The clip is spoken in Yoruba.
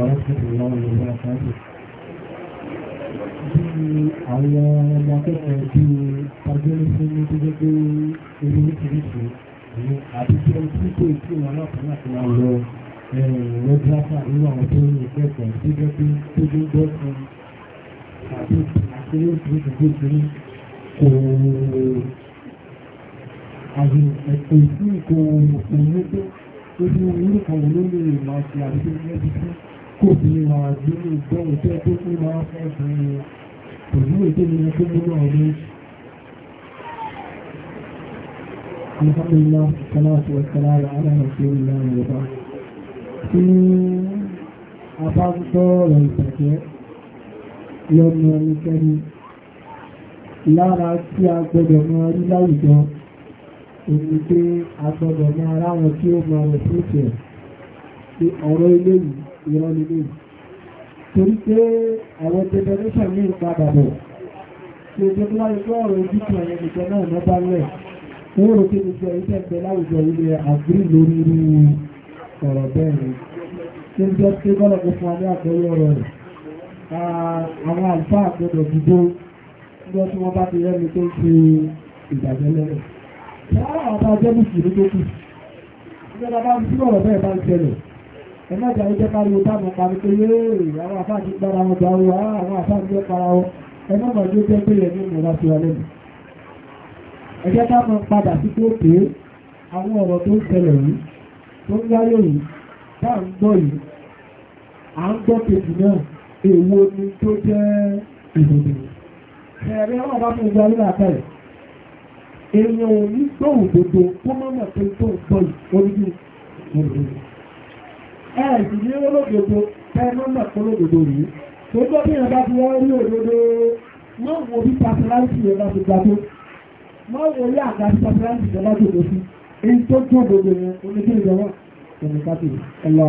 Àwọn ọmọ akẹ́kọ̀ọ́ bí i Pàdélu fún ní tó jẹ́ pé orí oríṣiríṣi ní àti tí ó tí tí wọn tí ó wọ́n ló kò bí máa nínú ìgbọ́n ìfẹ́ tó kú máa fẹ́ fún un pẹ̀lú ètò ìlú tó mú náà ní alhamdulillah salatu wa salamu ala rasulillah wa ba tí a bá ń tọrọ ìtàkẹ́ lọ́nà ẹnikẹ́ni lára tí a gbọ́dọ̀ máa rí láwùjọ òní pé a gbọ́dọ̀ máa ráwọn tí ó máa rẹ̀ fún ìtẹ̀ẹ́ pé ọ̀rọ̀ ilé yìí ìran ilé yìí torí pé àwọn generation ní ìpadà bọ̀ ṣe jẹ́ tó wáyé pé ọ̀rọ̀ ojú kan ẹni nìkan náà ná bá lẹ̀ ó rò pé gbogbo ẹ̀yìn tẹ̀ bẹ láwùjọ ilẹ̀ àgbírí lórí irú ọ̀rọ̀ bẹ́ẹ̀ ni ṣe jẹ́ pé bọ́lá kò fún wa ní àgbẹ̀wé ọ̀rọ̀ rẹ̀ àwọn àlùfáà gbọdọ̀ dìbò lọ tí wọ́n bá ti rẹ́mi tó ń fi ìgbàgbẹ́ lẹ́rẹ̀. Ṣé àwọn àbájẹ́ mùsùlùmí tó kù? Ìjọba bá ń sí ọ̀rọ̀ bẹ́ẹ̀ bá ń ṣẹlẹ̀ ẹ̀mẹ́ta ẹjẹ́ kárí ìtàmù pàrí pé yéèrè àwọn àfáà gbára wọn jà wọ àwọn àfáà jẹ́ para wọn ẹgbẹ́gbà tí ó jẹ́ pé ẹ̀mí ìmọ̀lá sí ọlẹ́ ẹjẹ́ ká mọ padà sí tó pé àwọn ọ̀rọ̀ tó ń ṣẹlẹ̀ yìí tó ń wáyé yìí tá à ń gbọ́ yìí à ń gbọ́ kejì náà èwo ni tó jẹ́ ìdòdò ẹ̀rẹ́ wọn bá fún ìgbà ẹ̀ẹ̀sì ní olódodo tẹ́lọ́mọ̀ olódodo rí tó gbọ́ bí ìrìnbá ti wọ́n rí òdodo wọ́n wo bí pàtàláìsì rẹ̀ ti gbà tó wọ́n wo rí àgbà tí pàtàláìsì rẹ̀ tó tó sí èyí tó tó